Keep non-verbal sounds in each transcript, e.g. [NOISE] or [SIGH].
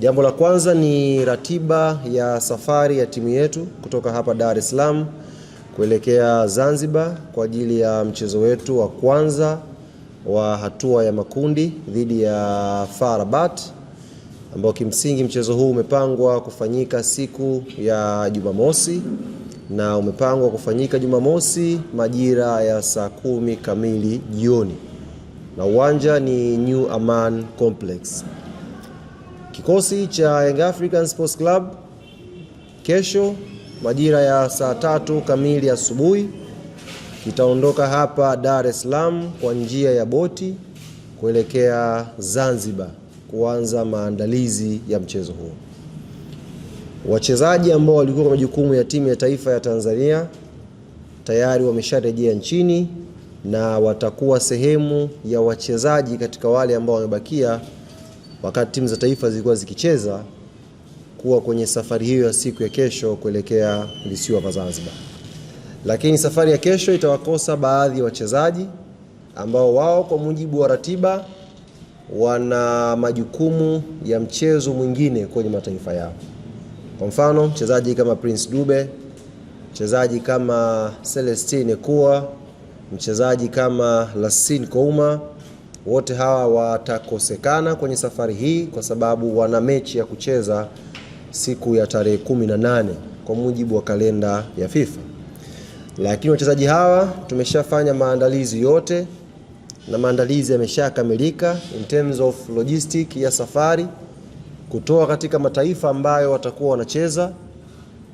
Jambo la kwanza ni ratiba ya safari ya timu yetu kutoka hapa Dar es Salaam kuelekea Zanzibar kwa ajili ya mchezo wetu wa kwanza wa hatua ya makundi dhidi ya FAR Rabat ambao kimsingi mchezo huu umepangwa kufanyika siku ya Jumamosi na umepangwa kufanyika Jumamosi majira ya saa kumi kamili jioni na uwanja ni New Aman Complex. Kikosi cha Young African Sports Club kesho majira ya saa tatu kamili asubuhi kitaondoka hapa Dar es Salaam kwa njia ya boti kuelekea Zanzibar kuanza maandalizi ya mchezo huo. Wachezaji ambao walikuwa kwa majukumu ya timu ya taifa ya Tanzania tayari wamesharejea nchini na watakuwa sehemu ya wachezaji katika wale ambao wamebakia wakati timu za taifa zilikuwa zikicheza kuwa kwenye safari hiyo ya siku ya kesho kuelekea visiwa vya Zanzibar. Lakini safari ya kesho itawakosa baadhi ya wachezaji ambao wao kwa mujibu wa ratiba wana majukumu ya mchezo mwingine kwenye mataifa yao. Kwa mfano, mchezaji kama Prince Dube, mchezaji kama Celestine Ekua, mchezaji kama Lassine Kouma wote hawa watakosekana kwenye safari hii kwa sababu wana mechi ya kucheza siku ya tarehe 18 kwa mujibu wa kalenda ya FIFA. Lakini wachezaji hawa tumeshafanya maandalizi yote na maandalizi yameshakamilika in terms of logistic ya safari kutoka katika mataifa ambayo watakuwa wanacheza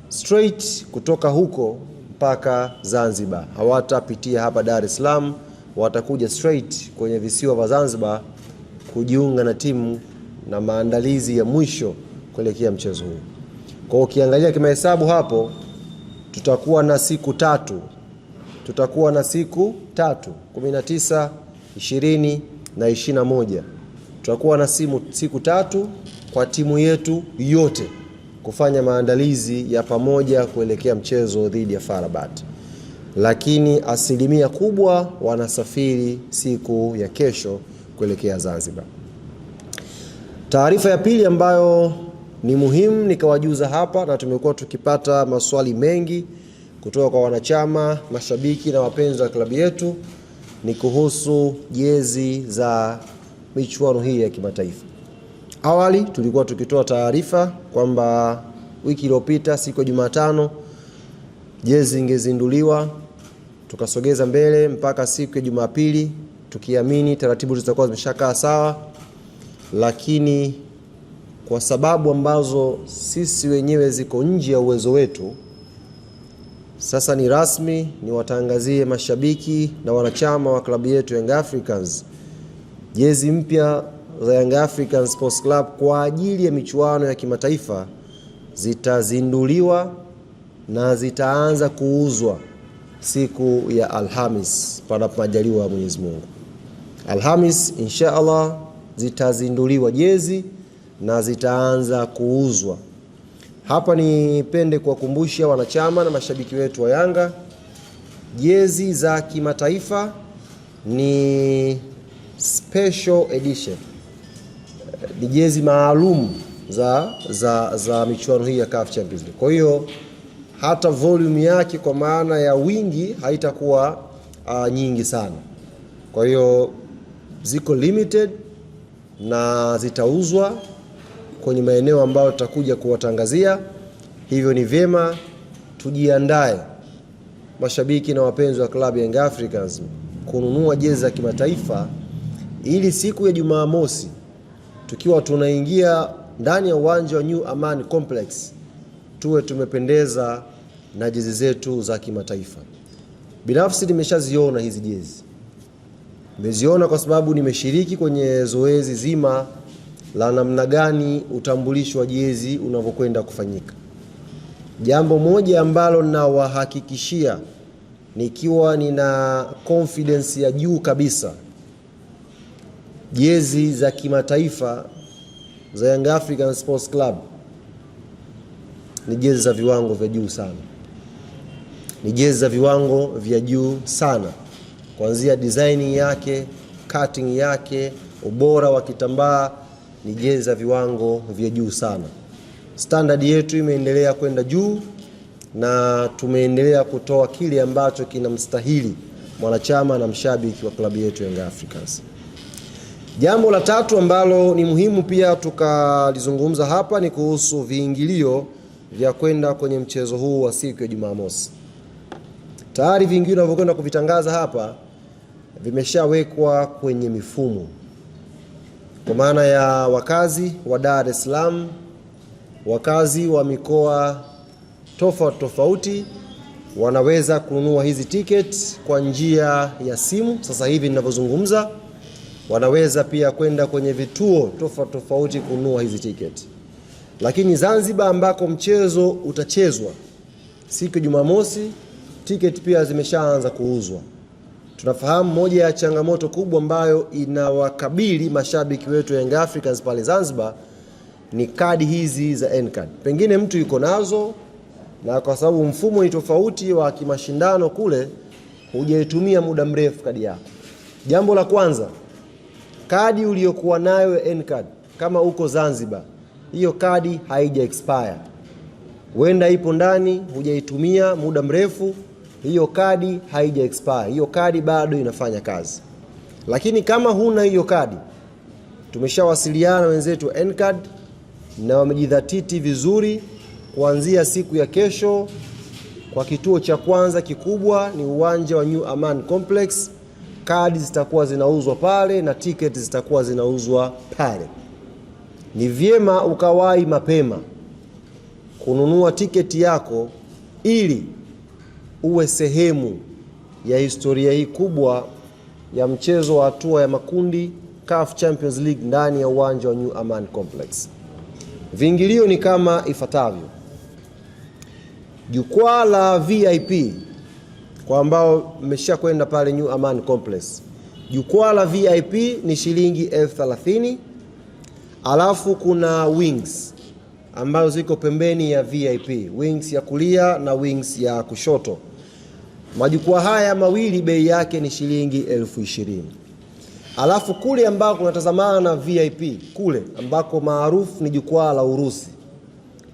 straight kutoka huko mpaka Zanzibar, hawatapitia hapa Dar es Salaam watakuja straight kwenye visiwa vya Zanzibar kujiunga na timu na maandalizi ya mwisho kuelekea mchezo huu. Kwa hiyo ukiangalia kimahesabu hapo, tutakuwa na siku tatu, tutakuwa na siku tatu, 19, 20 na 21. Tutakuwa na simu, siku tatu kwa timu yetu yote kufanya maandalizi ya pamoja kuelekea mchezo dhidi ya Farabati lakini asilimia kubwa wanasafiri siku ya kesho kuelekea Zanzibar. Taarifa ya pili ambayo ni muhimu nikawajuza hapa, na tumekuwa tukipata maswali mengi kutoka kwa wanachama, mashabiki na wapenzi wa klabu yetu ni kuhusu jezi za michuano hii ya kimataifa. Awali tulikuwa tukitoa taarifa kwamba wiki iliyopita siku ya Jumatano jezi ingezinduliwa tukasogeza mbele mpaka siku ya Jumapili, tukiamini taratibu zitakuwa zimeshakaa sawa, lakini kwa sababu ambazo sisi wenyewe ziko nje ya uwezo wetu, sasa ni rasmi niwatangazie mashabiki na wanachama wa klabu yetu Young Africans jezi mpya za Young Africans Sports Club kwa ajili ya michuano ya kimataifa zitazinduliwa na zitaanza kuuzwa siku ya Alhamis panapo majaliwa ya Mwenyezi Mungu. Alhamis insha Allah zitazinduliwa jezi na zitaanza kuuzwa. Hapa nipende kuwakumbusha wanachama na mashabiki wetu wa Yanga, jezi za kimataifa ni special edition, ni jezi maalum za, za, za michuano hii ya CAF Champions League. Kwa hiyo hata volume yake kwa maana ya wingi haitakuwa uh, nyingi sana. Kwa hiyo ziko limited na zitauzwa kwenye maeneo ambayo tutakuja kuwatangazia. Hivyo ni vyema tujiandae, mashabiki na wapenzi wa klabu ya Young Africans, kununua jezi za kimataifa ili siku ya Jumamosi tukiwa tunaingia ndani ya uwanja wa New Amaan Complex tuwe tumependeza na jezi zetu za kimataifa. Binafsi nimeshaziona hizi jezi, nimeziona kwa sababu nimeshiriki kwenye zoezi zima la namna gani utambulisho wa jezi unavyokwenda kufanyika. Jambo moja ambalo nawahakikishia nikiwa nina confidence ya juu kabisa, jezi za kimataifa za Young African Sports Club ni jezi za viwango vya juu sana ni jezi za viwango vya juu sana, kuanzia design yake, cutting yake, ubora wa kitambaa, ni jezi za viwango vya juu sana. Standard yetu imeendelea kwenda juu na tumeendelea kutoa kile ambacho kinamstahili mwanachama na mshabiki wa klabu yetu Young Africans. Jambo la tatu ambalo ni muhimu pia tukalizungumza hapa ni kuhusu viingilio vya kwenda kwenye mchezo huu wa siku ya Jumamosi. Tayari vingine vinavyokwenda kuvitangaza hapa vimeshawekwa kwenye mifumo, kwa maana ya wakazi wa Dar es Salaam, wakazi wa mikoa tofauti tofauti wanaweza kununua hizi tiketi kwa njia ya simu sasa hivi ninavyozungumza. Wanaweza pia kwenda kwenye vituo tofauti tofauti kununua hizi tiketi, lakini Zanzibar ambako mchezo utachezwa siku ya Jumamosi tiketi pia zimeshaanza kuuzwa. Tunafahamu moja ya changamoto kubwa ambayo inawakabili mashabiki wetu Young Africans pale Zanzibar ni kadi hizi za N-card. Pengine mtu yuko nazo na kwa sababu mfumo ni tofauti wa kimashindano kule, hujaitumia muda mrefu kadi yako. Jambo la kwanza, kadi uliyokuwa nayo N-card, kama uko Zanzibar, hiyo kadi haija expire, huenda ipo ndani, hujaitumia muda mrefu hiyo kadi haija expire, hiyo kadi bado inafanya kazi. Lakini kama huna hiyo kadi, tumeshawasiliana wenzetu NCAD na wamejidhatiti vizuri, kuanzia siku ya kesho kwa kituo cha kwanza kikubwa ni uwanja wa New Aman Complex. Kadi zitakuwa zinauzwa pale na tiketi zitakuwa zinauzwa pale. Ni vyema ukawahi mapema kununua tiketi yako ili uwe sehemu ya historia hii kubwa ya mchezo wa hatua ya makundi CAF Champions League ndani ya uwanja wa New Aman Complex. Viingilio ni kama ifuatavyo: jukwaa la VIP kwa ambao mmesha kwenda pale New Aman Complex, jukwaa la VIP ni shilingi elfu thelathini. Alafu kuna wings ambazo ziko pembeni ya VIP, wings ya kulia na wings ya kushoto. Majukwaa haya mawili bei yake ni shilingi elfu ishirini. Alafu kule ambako unatazamana na VIP kule ambako maarufu ni jukwaa la Urusi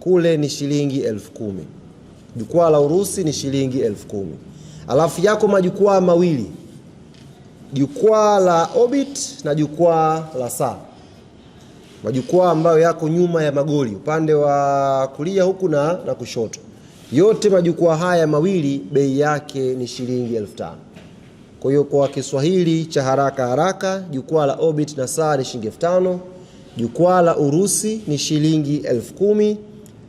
kule ni shilingi elfu kumi. Jukwaa la Urusi ni shilingi elfu kumi. Alafu yako majukwaa mawili, jukwaa la Orbit na jukwaa la Saa, majukwaa ambayo yako nyuma ya magoli upande wa kulia huku na, na kushoto yote majukwaa haya mawili bei yake ni shilingi elfu tano. Kwa hiyo kwa Kiswahili cha haraka haraka, jukwaa la Orbit na Saa ni shilingi elfu tano, jukwaa la Urusi ni shilingi elfu kumi,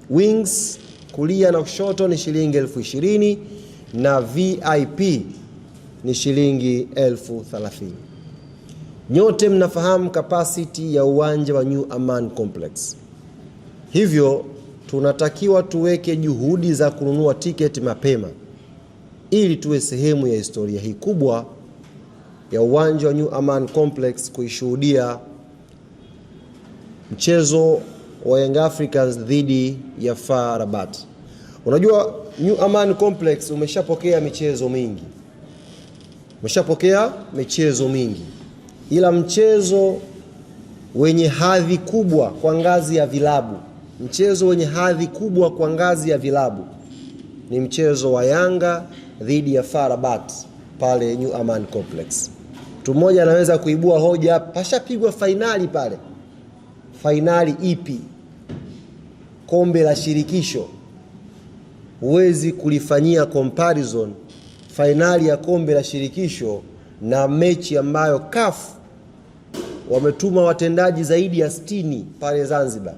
Wings kulia na kushoto ni shilingi elfu ishirini na VIP ni shilingi elfu Nyote mnafahamu kapasiti ya uwanja wa New Aman Complex, hivyo tunatakiwa tuweke juhudi za kununua tiketi mapema ili tuwe sehemu ya historia hii kubwa ya uwanja wa New Aman Complex kuishuhudia mchezo wa Young Africans dhidi ya FAR Rabat. Unajua, New Aman Complex umeshapokea michezo mingi, umeshapokea michezo mingi, ila mchezo wenye hadhi kubwa kwa ngazi ya vilabu mchezo wenye hadhi kubwa kwa ngazi ya vilabu ni mchezo wa Yanga dhidi ya farabat pale New Aman Complex. Mtu mmoja anaweza kuibua hoja hapa, pashapigwa fainali pale. Fainali ipi? Kombe la shirikisho. Huwezi kulifanyia comparison fainali ya kombe la shirikisho na mechi ambayo CAF wametuma watendaji zaidi ya sitini pale Zanzibar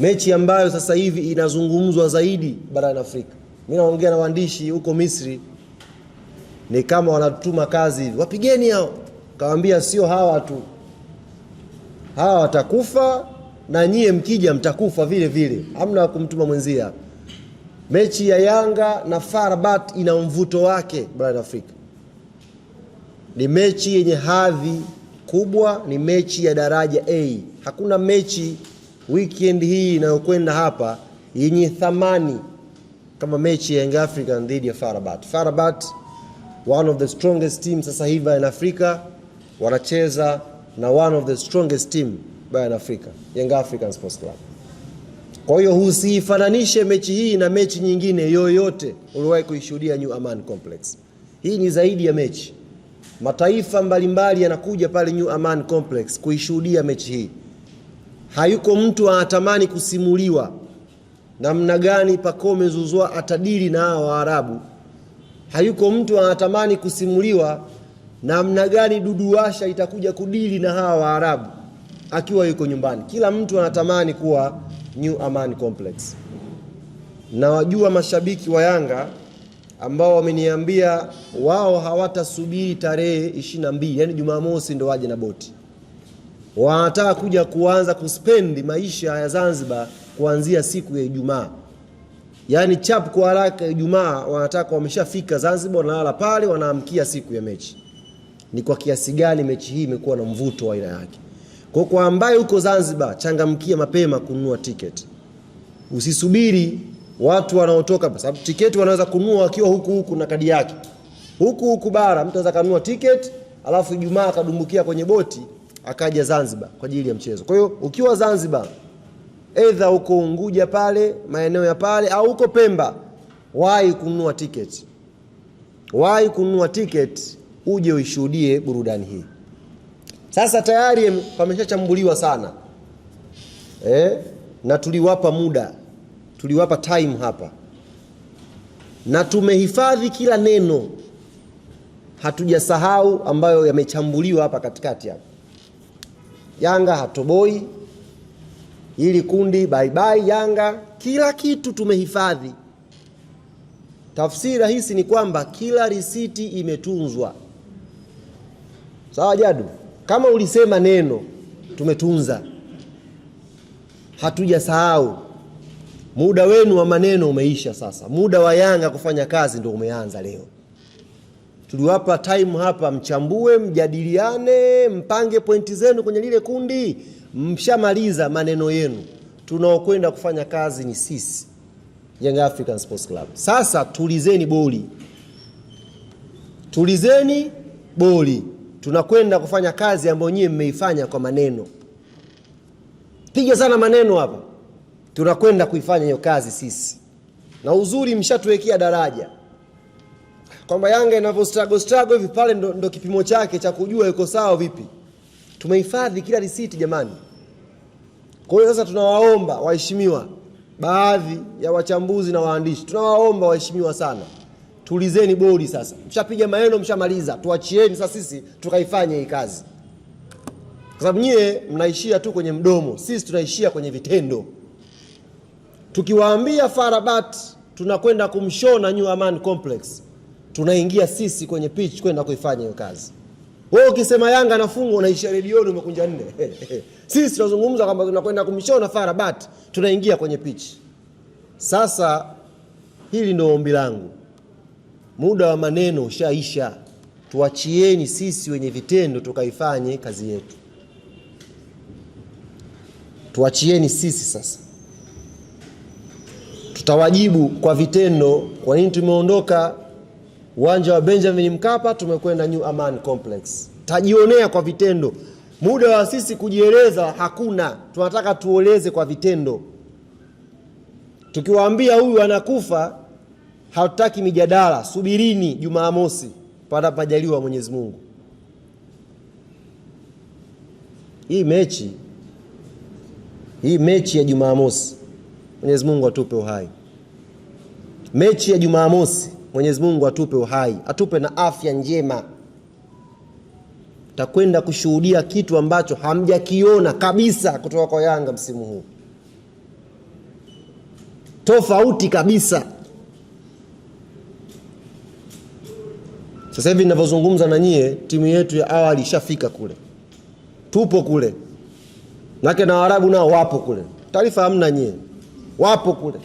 mechi ambayo sasa hivi inazungumzwa zaidi barani Afrika. Mimi naongea na waandishi huko Misri, ni kama wanatuma kazi hivi, wapigeni hao. Kawaambia sio hawa tu, hawa watakufa na nyie mkija mtakufa vile vile, hamna kumtuma mwenzia. Mechi ya Yanga na FAR Rabat ina mvuto wake barani Afrika, ni mechi yenye hadhi kubwa, ni mechi ya daraja A. Hakuna mechi weekend hii inayokwenda hapa yenye thamani kama mechi ya Young African dhidi ya Farabat. Farabat, one of the strongest team sasa hivi in Africa, wanacheza na one of the strongest team barani Afrika, Young African Sports Club. Kwa hiyo usifananishe mechi hii na mechi nyingine yoyote uliwahi kuishuhudia New Aman Complex. Hii ni zaidi ya mechi, mataifa mbalimbali yanakuja pale New Aman Complex kuishuhudia mechi hii hayuko mtu anatamani kusimuliwa namna gani zuzua atadili na hawa Waarabu. Hayuko mtu anatamani kusimuliwa namna gani Duduwasha itakuja kudili na hawa Waarabu akiwa yuko nyumbani. Kila mtu anatamani kuwa New aman Complex. Na wajua mashabiki wa Yanga ambao wameniambia wao hawatasubiri tarehe 22, yani Jumamosi, ndo waje na boti wanataka kuja kuanza kuspendi maisha ya Zanzibar kuanzia siku ya Ijumaa, yaani chap kwa haraka Ijumaa wanataka, wameshafika Zanzibar wanalala pale, wanaamkia siku ya mechi. Ni kwa kiasi gani mechi hii imekuwa na mvuto wa aina yake? Kwa kwa ambaye uko Zanzibar, changamkia mapema kununua tiketi, usisubiri watu wanaotoka, kwa sababu tiketi wanaweza kununua wakiwa huku huku na kadi yake huku huku bara. Mtu anaweza kununua tiketi alafu Ijumaa akadumbukia kwenye boti akaja Zanzibar kwa ajili ya mchezo. Kwa hiyo ukiwa Zanzibar, aidha uko Unguja pale maeneo ya pale au uko Pemba, wahi kununua tiketi, wahi kununua tiketi uje uishuhudie burudani hii. Sasa tayari pameshachambuliwa sana eh, na tuliwapa muda, tuliwapa time hapa na tumehifadhi kila neno, hatujasahau ambayo yamechambuliwa hapa katikati hapa. Yanga hatoboi, hili kundi bye bye Yanga, kila kitu tumehifadhi. Tafsiri rahisi ni kwamba kila risiti imetunzwa. Sawa Jadu, kama ulisema neno tumetunza, hatujasahau. Muda wenu wa maneno umeisha sasa, muda wa Yanga kufanya kazi ndio umeanza leo tuliwapa time hapa, mchambue, mjadiliane, mpange pointi zenu kwenye lile kundi. Mshamaliza maneno yenu, tunaokwenda kufanya kazi ni sisi Young African Sports Club. Sasa tulizeni boli, tulizeni boli, tunakwenda kufanya kazi ambayo nyie mmeifanya kwa maneno. Piga sana maneno hapa, tunakwenda kuifanya hiyo kazi sisi, na uzuri mshatuwekea daraja kwamba Yanga inavyo struggle struggle hivi pale ndo, ndo kipimo chake cha kujua yuko sawa vipi. Tumehifadhi kila receipt jamani. Kwa hiyo sasa tunawaomba waheshimiwa, baadhi ya wachambuzi na waandishi, tunawaomba waheshimiwa sana, tulizeni bodi sasa. Mshapiga maneno, mshamaliza, tuachieni sasa sisi tukaifanye hii kazi, kwa sababu nyie mnaishia tu kwenye mdomo, sisi tunaishia kwenye vitendo. Tukiwaambia Farabat tunakwenda kumshona New Aman Complex tunaingia sisi kwenye pitch kwenda kuifanya hiyo kazi. Wewe ukisema Yanga nafungwa unaisha redioni umekunja nne. [LAUGHS] Sisi tunazungumza kwamba tunakwenda kumshona Fara but tunaingia kwenye pitch. Sasa hili ndio ombi langu, muda wa maneno ushaisha, tuachieni sisi wenye vitendo tukaifanye kazi yetu, tuachieni sisi sasa tutawajibu kwa vitendo, kwa nini tumeondoka uwanja wa Benjamin Mkapa, tumekwenda New Aman Complex. Tajionea kwa vitendo, muda wa sisi kujieleza hakuna, tunataka tuoleze kwa vitendo. Tukiwaambia huyu anakufa, hatutaki mijadala, subirini Jumamosi pada majaliwa wa Mwenyezi Mungu. Hii mechi hii mechi ya Jumamosi, Mwenyezi Mungu atupe uhai. Mechi ya Jumamosi Mwenyezi Mungu atupe uhai, atupe na afya njema. Takwenda kushuhudia kitu ambacho hamjakiona kabisa kutoka kwa Yanga msimu huu, tofauti kabisa. Sasa hivi ninavyozungumza na nyie, timu yetu ya awali ishafika kule, tupo kule nake, na Waarabu nao wapo kule. Taarifa hamna nyie, wapo kule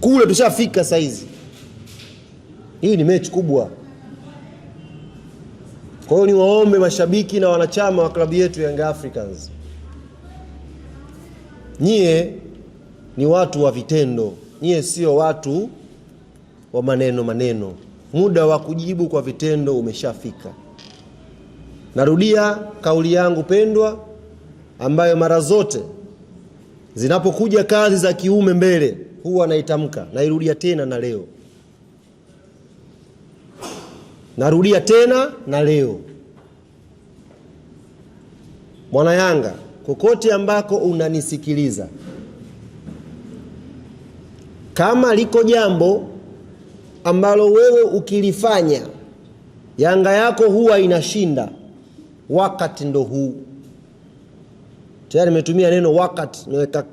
kule, tushafika saizi. Hii ni mechi kubwa. Kwa hiyo niwaombe mashabiki na wanachama wa klabu yetu Young Africans, nyie ni watu wa vitendo, nyie sio watu wa maneno maneno. Muda wa kujibu kwa vitendo umeshafika. Narudia kauli yangu pendwa, ambayo mara zote zinapokuja kazi za kiume mbele huwa naitamka, nairudia tena na leo. Narudia tena na leo, mwana Yanga, kokote ambako unanisikiliza, kama liko jambo ambalo wewe ukilifanya Yanga yako huwa inashinda, wakati ndo huu. Tayari nimetumia neno wakati, naweka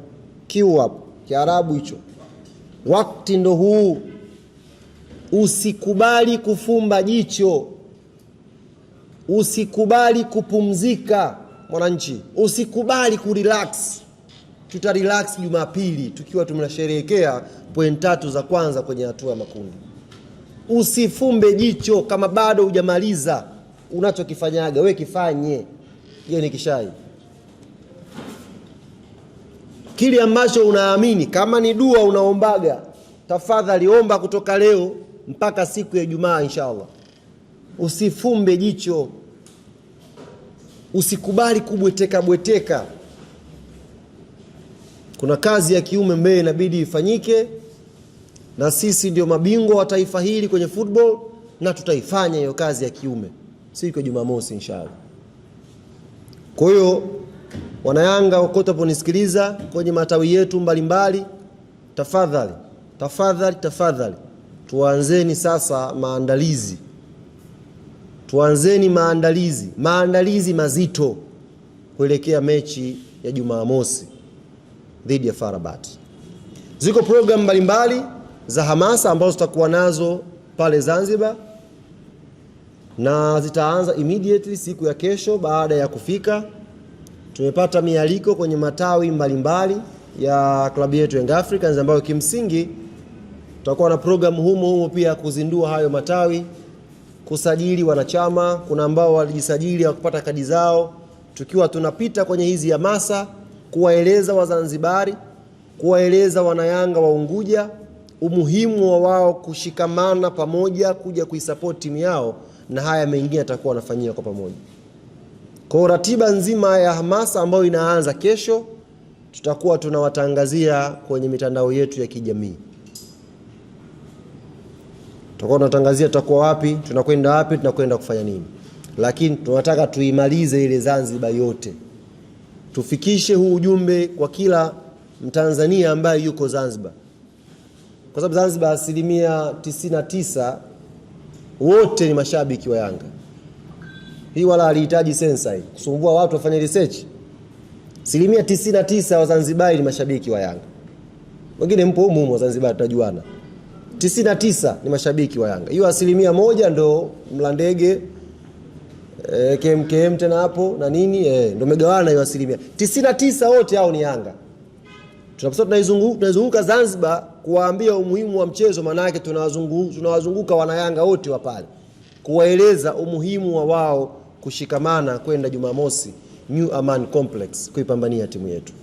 kiu hapo, Kiarabu hicho, wakati ndo huu. Usikubali kufumba jicho, usikubali kupumzika mwananchi, usikubali kurelax. Tuta relax Jumapili tukiwa tumesherehekea point tatu za kwanza kwenye hatua ya makundi. Usifumbe jicho kama bado hujamaliza unachokifanyaga, we kifanye. Hiyo ni kishai kile ambacho unaamini, kama ni dua unaombaga, tafadhali omba kutoka leo mpaka siku ya Ijumaa inshallah. Usifumbe jicho, usikubali kubweteka bweteka. Kuna kazi ya kiume mbele inabidi ifanyike, na sisi ndio mabingwa wa taifa hili kwenye football, na tutaifanya hiyo kazi ya kiume siku ya Jumamosi inshallah. Kwa hiyo wanayanga wakote ponisikiliza kwenye matawi yetu mbalimbali, tafadhali tafadhali tafadhali tuanzeni sasa maandalizi, tuanzeni maandalizi, maandalizi mazito kuelekea mechi ya Jumamosi dhidi ya farabat Ziko programu mbalimbali za hamasa ambazo zitakuwa nazo pale Zanzibar na zitaanza immediately siku ya kesho baada ya kufika. Tumepata mialiko kwenye matawi mbalimbali mbali ya klabu yetu Young Africans ambayo kimsingi Tutakuwa na program humo humo pia kuzindua hayo matawi, kusajili wanachama. Kuna ambao walijisajili kupata kadi zao, tukiwa tunapita kwenye hizi hamasa kuwaeleza Wazanzibari, kuwaeleza Wanayanga wa Unguja umuhimu wa wao kushikamana pamoja kuja kuisupport timu yao, na haya mengine atakuwa wanafanyia kwa pamoja. Kwa ratiba nzima ya hamasa ambayo inaanza kesho, tutakuwa tunawatangazia kwenye mitandao yetu ya kijamii tutakuwa tunatangazia tutakuwa wapi, tunakwenda wapi, tunakwenda kufanya nini, lakini tunataka tuimalize ile Zanzibar yote, tufikishe huu ujumbe kwa kila Mtanzania ambaye yuko Zanzibar, kwa sababu Zanzibar asilimia 99 wote ni mashabiki wa Yanga. Hii wala alihitaji sensa hii kusumbua watu wafanye research. Asilimia 99 wa Zanzibar ni mashabiki wa Yanga, wengine mpo humu humu wa Zanzibar, tutajuana. 99 ni mashabiki wa Yanga, hiyo asilimia moja ndo mla ndege e, eh, KMKM tena hapo na nini e, ndo megawana hiyo asilimia 99, wote hao ni Yanga. Tunaposa tunaizunguka Zanzibar kuwaambia umuhimu wa mchezo, maana yake tunawazunguka, tunawazunguka wana Yanga wote wa pale kuwaeleza umuhimu wa wao kushikamana kwenda Jumamosi New Aman Complex kuipambania timu yetu.